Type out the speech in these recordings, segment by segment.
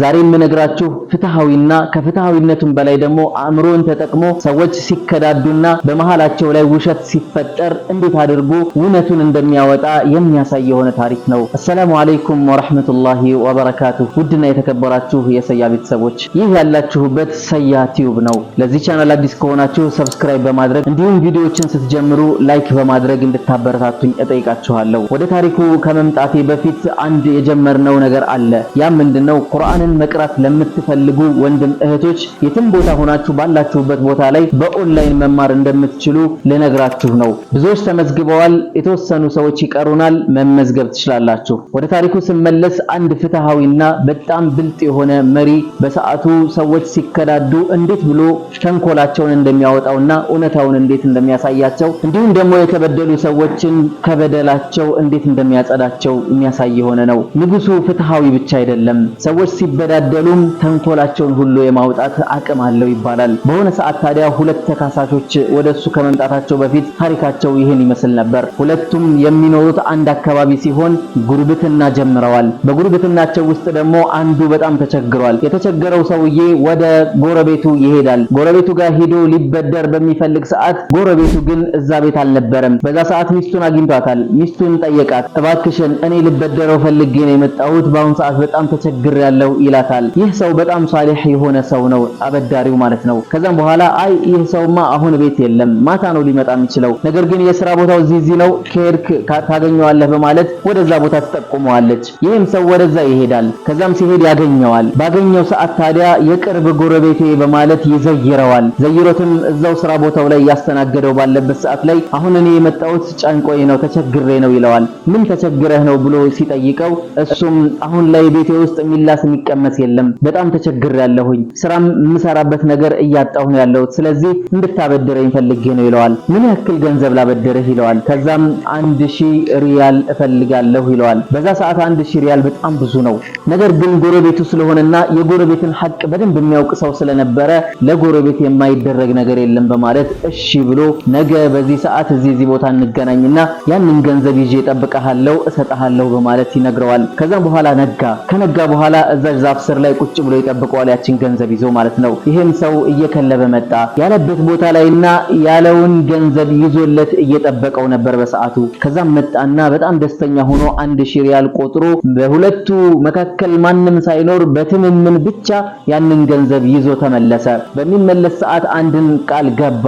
ዛሬ የምነግራችሁ ፍትሃዊና ከፍትሃዊነቱም በላይ ደግሞ አእምሮን ተጠቅሞ ሰዎች ሲከዳዱና በመሃላቸው ላይ ውሸት ሲፈጠር እንዴት አድርጎ እውነቱን እንደሚያወጣ የሚያሳይ የሆነ ታሪክ ነው። አሰላሙ አለይኩም ወራህመቱላሂ ወበረካቱ። ውድና የተከበራችሁ የሰያ ቤተሰቦች ይህ ያላችሁበት ሰያ ቲዩብ ነው። ለዚህ ቻናል አዲስ ከሆናችሁ ሰብስክራይብ በማድረግ እንዲሁም ቪዲዮዎችን ስትጀምሩ ላይክ በማድረግ እንድታበረታቱኝ እጠይቃችኋለሁ። ወደ ታሪኩ ከመምጣቴ በፊት አንድ የጀመርነው ነገር አለ። ያ ምንድነው? ቁርአን ይህንን መቅራት ለምትፈልጉ ወንድም እህቶች የትም ቦታ ሆናችሁ ባላችሁበት ቦታ ላይ በኦንላይን መማር እንደምትችሉ ልነግራችሁ ነው። ብዙዎች ተመዝግበዋል፣ የተወሰኑ ሰዎች ይቀሩናል። መመዝገብ ትችላላችሁ። ወደ ታሪኩ ስመለስ አንድ ፍትሃዊና በጣም ብልጥ የሆነ መሪ በሰዓቱ ሰዎች ሲከዳዱ እንዴት ብሎ ሸንኮላቸውን እንደሚያወጣውና እውነታውን እንዴት እንደሚያሳያቸው እንዲሁም ደግሞ የተበደሉ ሰዎችን ከበደላቸው እንዴት እንደሚያጸዳቸው የሚያሳይ የሆነ ነው። ንጉሱ ፍትሃዊ ብቻ አይደለም ሰዎች ሲበዳደሉም ተንኮላቸውን ሁሉ የማውጣት አቅም አለው ይባላል። በሆነ ሰዓት ታዲያ ሁለት ተካሳሾች ወደ እሱ ከመምጣታቸው በፊት ታሪካቸው ይህን ይመስል ነበር። ሁለቱም የሚኖሩት አንድ አካባቢ ሲሆን ጉርብትና ጀምረዋል። በጉርብትናቸው ውስጥ ደግሞ አንዱ በጣም ተቸግሯል። የተቸገረው ሰውዬ ወደ ጎረቤቱ ይሄዳል። ጎረቤቱ ጋር ሂዶ ሊበደር በሚፈልግ ሰዓት ጎረቤቱ ግን እዛ ቤት አልነበረም። በዛ ሰዓት ሚስቱን አግኝቷታል። ሚስቱን ጠየቃት። እባክሽን እኔ ልበደረው ፈልጌ ነው የመጣሁት፣ በአሁኑ ሰዓት በጣም ተቸግር ያለው ይላታል። ይህ ሰው በጣም ሳሊህ የሆነ ሰው ነው፣ አበዳሪው ማለት ነው። ከዛም በኋላ አይ ይህ ሰውማ አሁን ቤት የለም፣ ማታ ነው ሊመጣ የሚችለው፣ ነገር ግን የስራ ቦታው እዚህ እዚህ ነው፣ ከሄድክ ታገኘዋለህ በማለት ወደዛ ቦታ ትጠቁመዋለች። ይህም ሰው ወደዛ ይሄዳል። ከዛም ሲሄድ ያገኘዋል። ባገኘው ሰዓት ታዲያ የቅርብ ጎረቤቴ በማለት ይዘይረዋል። ዘይሮትም እዛው ስራ ቦታው ላይ ያስተናገደው ባለበት ሰዓት ላይ አሁን እኔ የመጣሁት ጨንቆይ ነው ተቸግሬ ነው ይለዋል። ምን ተቸግረህ ነው ብሎ ሲጠይቀው እሱም አሁን ላይ ቤቴ ውስጥ የሚላስ የሚቀመስ የለም። በጣም ተቸግር ያለሁኝ ስራም የምሰራበት ነገር እያጣሁ ነው ያለሁት። ስለዚህ እንድታበድረኝ ፈልጌ ነው ይለዋል። ምን ያክል ገንዘብ ላበድርህ ይለዋል። ከዛም አንድ ሺህ ሪያል እፈልጋለሁ ይለዋል። በዛ ሰዓት አንድ ሺህ ሪያል በጣም ብዙ ነው። ነገር ግን ጎረቤቱ ስለሆነና የጎረቤትን ሀቅ በደንብ የሚያውቅ ሰው ስለነበረ ለጎረቤት የማይደረግ ነገር የለም በማለት እሺ ብሎ ነገ በዚህ ሰዓት እዚህ እዚህ ቦታ እንገናኝና ያንን ገንዘብ ይዤ እጠብቀሃለሁ እሰጥሃለሁ በማለት ይነግረዋል። ከዛም በኋላ ነጋ። ከነጋ በኋላ እዛ ዛፍ ስር ላይ ቁጭ ብሎ ይጠብቀዋል፣ ያችን ገንዘብ ይዞ ማለት ነው። ይህም ሰው እየከለበ መጣ። ያለበት ቦታ ላይና ያለውን ገንዘብ ይዞለት እየጠበቀው ነበር በሰዓቱ። ከዛም መጣና በጣም ደስተኛ ሆኖ አንድ ሺህ ሪያል ቆጥሮ በሁለቱ መካከል ማንም ሳይኖር በትምምን ብቻ ያንን ገንዘብ ይዞ ተመለሰ። በሚመለስ ሰዓት አንድን ቃል ገባ።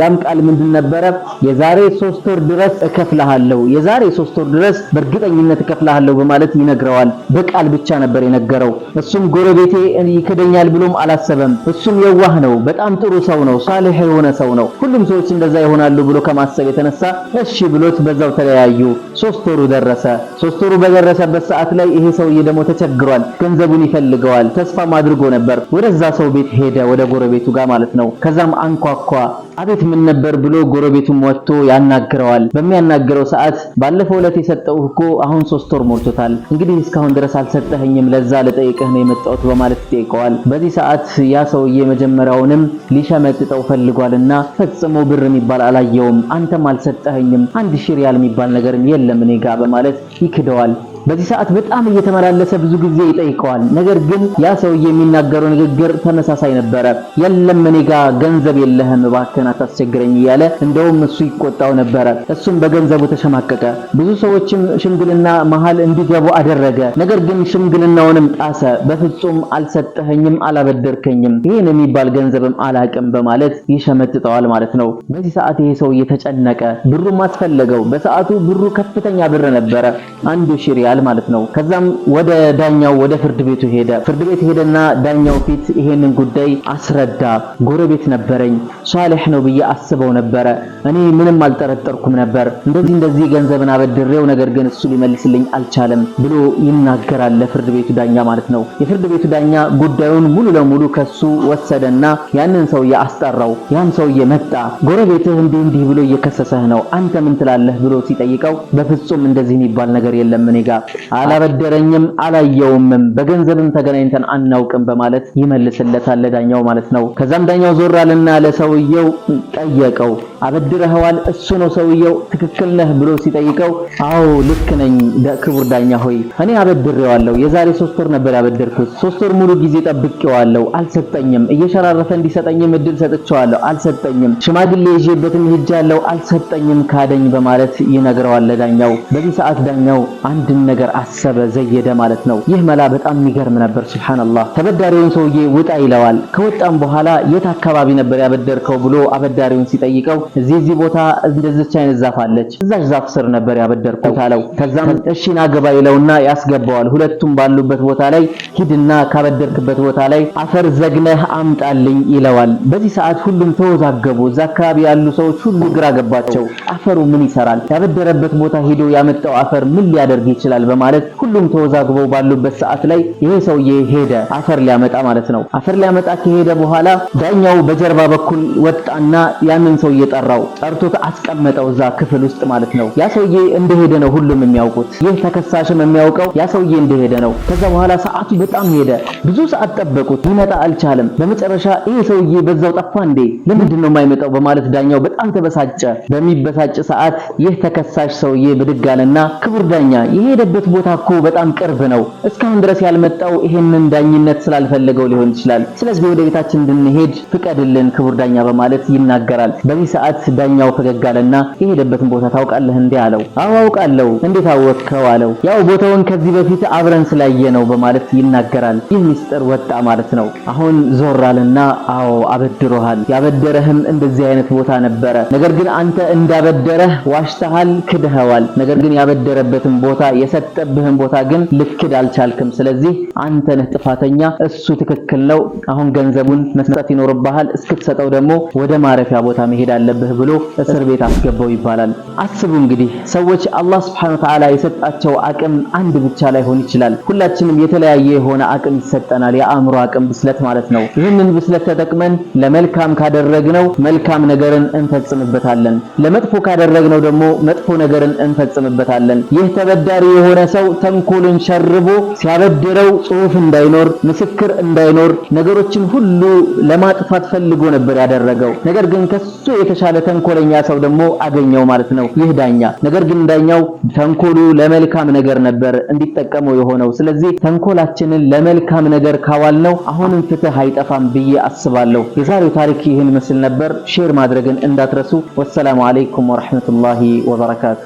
ያም ቃል ምንድን ነበረ? የዛሬ ሶስት ወር ድረስ እከፍልሃለሁ፣ የዛሬ ሶስት ወር ድረስ በእርግጠኝነት እከፍልሃለሁ በማለት ይነግረዋል። በቃል ብቻ ነበር የነገረው። እሱም ጎረቤቴ ይክደኛል ብሎም አላሰበም። እሱም የዋህ ነው፣ በጣም ጥሩ ሰው ነው፣ ሳልህ የሆነ ሰው ነው፣ ሁሉም ሰዎች እንደዛ ይሆናሉ ብሎ ከማሰብ የተነሳ እሺ ብሎት በዛው ተለያዩ። ሶስት ወሩ ደረሰ። ሶስት ወሩ በደረሰበት ሰዓት ላይ ይሄ ሰውዬ ደግሞ ተቸግሯል፣ ገንዘቡን ይፈልገዋል፣ ተስፋም አድርጎ ነበር። ወደዛ ሰው ቤት ሄደ፣ ወደ ጎረቤቱ ጋር ማለት ነው። ከዛም አንኳኳ። አቤት ምን ነበር ብሎ ጎረቤቱም ወጥቶ ያናግረዋል። በሚያናግረው ሰዓት ባለፈው ዕለት የሰጠው እኮ አሁን ሶስት ወር ሞልቶታል፣ እንግዲህ እስካሁን ድረስ አልሰጠኸኝም፣ ለዛ ለጠይቀ ልጠይቅህ ነው የመጣሁት በማለት ይጠይቀዋል። በዚህ ሰዓት ያ ሰውዬ መጀመሪያውንም ሊሸመጥጠው ፈልጓልና ፈጽሞ ብር የሚባል አላየውም፣ አንተም አልሰጠኸኝም፣ አንድ ሺህ ሪያል የሚባል ነገርም የለም እኔ ጋ በማለት ይክደዋል። በዚህ ሰዓት በጣም እየተመላለሰ ብዙ ጊዜ ይጠይቀዋል። ነገር ግን ያ ሰውዬ የሚናገረው ንግግር ተመሳሳይ ነበረ። የለም እኔ ጋ ገንዘብ የለህም እባክህን አታስቸግረኝ እያለ እንደውም እሱ ይቆጣው ነበረ። እሱም በገንዘቡ ተሸማቀቀ። ብዙ ሰዎችም ሽምግልና መሃል እንዲገቡ አደረገ። ነገር ግን ሽምግልናውንም ጣሰ። በፍጹም አልሰጠኸኝም፣ አላበደርከኝም፣ ይህን የሚባል ገንዘብም አላቅም በማለት ይሸመጥጠዋል ማለት ነው። በዚህ ሰዓት ይሄ ሰውዬ ተጨነቀ። ብሩም አስፈለገው። በሰዓቱ ብሩ ከፍተኛ ብር ነበረ አንዱ ሺህ ይላል ማለት ነው። ከዛም ወደ ዳኛው ወደ ፍርድ ቤቱ ሄደ። ፍርድ ቤት ሄደና ዳኛው ፊት ይሄንን ጉዳይ አስረዳ። ጎረቤት ነበረኝ፣ ሷሊህ ነው ብዬ አስበው ነበረ። እኔ ምንም አልጠረጠርኩም ነበር። እንደዚህ እንደዚህ ገንዘብን አበድሬው፣ ነገር ግን እሱ ሊመልስልኝ አልቻለም ብሎ ይናገራል ለፍርድ ቤቱ ዳኛ ማለት ነው። የፍርድ ቤቱ ዳኛ ጉዳዩን ሙሉ ለሙሉ ከሱ ወሰደና ያንን ሰውዬ አስጠራው። ያን ሰውዬ መጣ። ጎረቤትህ እንዲህ እንዲህ ብሎ እየከሰሰህ ነው፣ አንተ ምን ትላለህ ብሎ ሲጠይቀው በፍጹም እንደዚህ የሚባል ነገር የለም እኔ አላበደረኝም፣ አላየውምም፣ በገንዘብም ተገናኝተን አናውቅም በማለት ይመልስለታል ለዳኛው ማለት ነው። ከዛም ዳኛው ዞር አለና ለሰውየው ጠየቀው አበድረኸዋል፣ እሱ ነው ሰውየው፣ ትክክል ነህ ብሎ ሲጠይቀው አዎ ልክ ነኝ ክቡር ዳኛ ሆይ እኔ አበድሬዋለሁ። የዛሬ ሶስት ወር ነበር ያበደርኩት። ሶስት ወር ሙሉ ጊዜ ጠብቄዋለሁ፣ አልሰጠኝም። እየሸራረፈ እንዲሰጠኝም እድል ሰጥቼዋለሁ፣ አልሰጠኝም። ሽማግሌ ይዤበትም ሄጃለሁ፣ አልሰጠኝም፣ ካደኝ በማለት ይነግረዋል ለዳኛው። በዚህ ሰዓት ዳኛው አንድን ነገር አሰበ፣ ዘየደ ማለት ነው። ይህ መላ በጣም የሚገርም ነበር። ሱብሃንአላህ። ተበዳሪውን ሰውዬ ውጣ ይለዋል። ከወጣም በኋላ የት አካባቢ ነበር ያበደርከው ብሎ አበዳሪውን ሲጠይቀው እዚህ እዚህ ቦታ እንደዚች አይነት ዛፍ አለች፣ እዛች ዛፍ ስር ነበር ያበደርኩት አለው። ከዛም እሺና ግባ ይለውና ያስገባዋል። ሁለቱም ባሉበት ቦታ ላይ ሂድና ካበደርክበት ቦታ ላይ አፈር ዘግነህ አምጣልኝ ይለዋል። በዚህ ሰዓት ሁሉም ተወዛገቡ። እዛ አካባቢ ያሉ ሰዎች ሁሉ ግራ ገባቸው። አፈሩ ምን ይሰራል? ያበደረበት ቦታ ሄዶ ያመጣው አፈር ምን ሊያደርግ ይችላል? በማለት ሁሉም ተወዛግበው ባሉበት ሰዓት ላይ ይሄ ሰውዬ ሄደ አፈር ሊያመጣ ማለት ነው። አፈር ሊያመጣ ከሄደ በኋላ ዳኛው በጀርባ በኩል ወጣና ያንን ሰውዬ ጠራው። ጠርቶት አስቀመጠው እዛ ክፍል ውስጥ ማለት ነው። ያ ሰውዬ እንደሄደ ነው ሁሉም የሚያውቁት። ይህ ተከሳሽም የሚያውቀው ያ ሰውዬ እንደሄደ ነው። ከዛ በኋላ ሰዓቱ በጣም ሄደ። ብዙ ሰዓት ጠበቁት፣ ሊመጣ አልቻለም። በመጨረሻ ይህ ሰውዬ በዛው ጠፋ እንዴ ለምንድን ነው የማይመጣው? በማለት ዳኛው በጣም ተበሳጨ። በሚበሳጭ ሰዓት ይህ ተከሳሽ ሰውዬ ብድግ አለና ክቡር ዳኛ የሄደበት ቦታ እኮ በጣም ቅርብ ነው። እስካሁን ድረስ ያልመጣው ይሄንን ዳኝነት ስላልፈለገው ሊሆን ይችላል። ስለዚህ ወደ ቤታችን እንድንሄድ ፍቀድልን ክቡር ዳኛ በማለት ይናገራል። በዚህ ሰዓት ሰዓት ዳኛው ፈገግ አለና የሄደበትን ቦታ ታውቃለህ እንዴ አለው። አዎ አውቃለሁ። እንዴት አወቅከው አለው። ያው ቦታውን ከዚህ በፊት አብረን ስላየ ነው በማለት ይናገራል። ይህ ሚስጥር ወጣ ማለት ነው። አሁን ዞር አለና አዎ አበድሮሃል። ያበደረህም እንደዚህ አይነት ቦታ ነበረ። ነገር ግን አንተ እንዳበደረህ ዋሽተሃል፣ ክድኸዋል። ነገር ግን ያበደረበትን ቦታ የሰጠብህን ቦታ ግን ልክድ አልቻልክም። ስለዚህ አንተ ነህ ጥፋተኛ፣ እሱ ትክክል ነው። አሁን ገንዘቡን መስጠት ይኖርብሃል። እስክትሰጠው ደግሞ ወደ ማረፊያ ቦታ መሄድ አለብህ። አለብህ ብሎ እስር ቤት አስገባው ይባላል። አስቡ እንግዲህ ሰዎች አላህ ሱብሓነሁ ወተዓላ የሰጣቸው አቅም አንድ ብቻ ላይሆን ይችላል። ሁላችንም የተለያየ የሆነ አቅም ይሰጠናል። የአእምሮ አቅም ብስለት ማለት ነው። ይህንን ብስለት ተጠቅመን ለመልካም ካደረግነው መልካም ነገርን እንፈጽምበታለን፣ ለመጥፎ ካደረግነው ደግሞ መጥፎ ነገርን እንፈጽምበታለን። ይህ ተበዳሪ የሆነ ሰው ተንኮልን ሸርቦ ሲያበድረው ጽሑፍ እንዳይኖር ምስክር እንዳይኖር ነገሮችን ሁሉ ለማጥፋት ፈልጎ ነበር ያደረገው ነገር ግን ከሱ የተሻለ ተንኮለኛ ሰው ደግሞ አገኘው ማለት ነው ይህ ዳኛ። ነገር ግን ዳኛው ተንኮሉ ለመልካም ነገር ነበር እንዲጠቀመው የሆነው። ስለዚህ ተንኮላችንን ለመልካም ነገር ካዋል ነው አሁንም ፍትህ አይጠፋም ብዬ አስባለሁ። የዛሬው ታሪክ ይህን ምስል ነበር። ሼር ማድረግን እንዳትረሱ። ወሰላሙ አለይኩም ወራህመቱላሂ ወበረካቱ።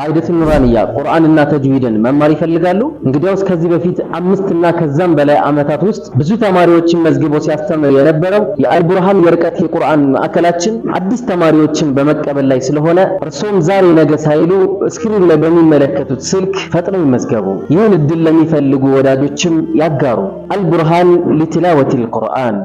ቃይደቱን ኑራንያ ቁርአንና ተጅዊድን መማር ይፈልጋሉ? እንግዲያውስ ከዚህ በፊት አምስት እና ከዛም በላይ ዓመታት ውስጥ ብዙ ተማሪዎችን መዝግቦ ሲያስተምር የነበረው የአልቡርሃን የርቀት የቁርአን ማዕከላችን አዲስ ተማሪዎችን በመቀበል ላይ ስለሆነ እርሶም ዛሬ ነገ ሳይሉ እስክሪን ላይ በሚመለከቱት ስልክ ፈጥነው ይመዝገቡ። ይህን እድል ለሚፈልጉ ወዳጆችም ያጋሩ። አልቡርሃን ሊትላወቲል ቁርአን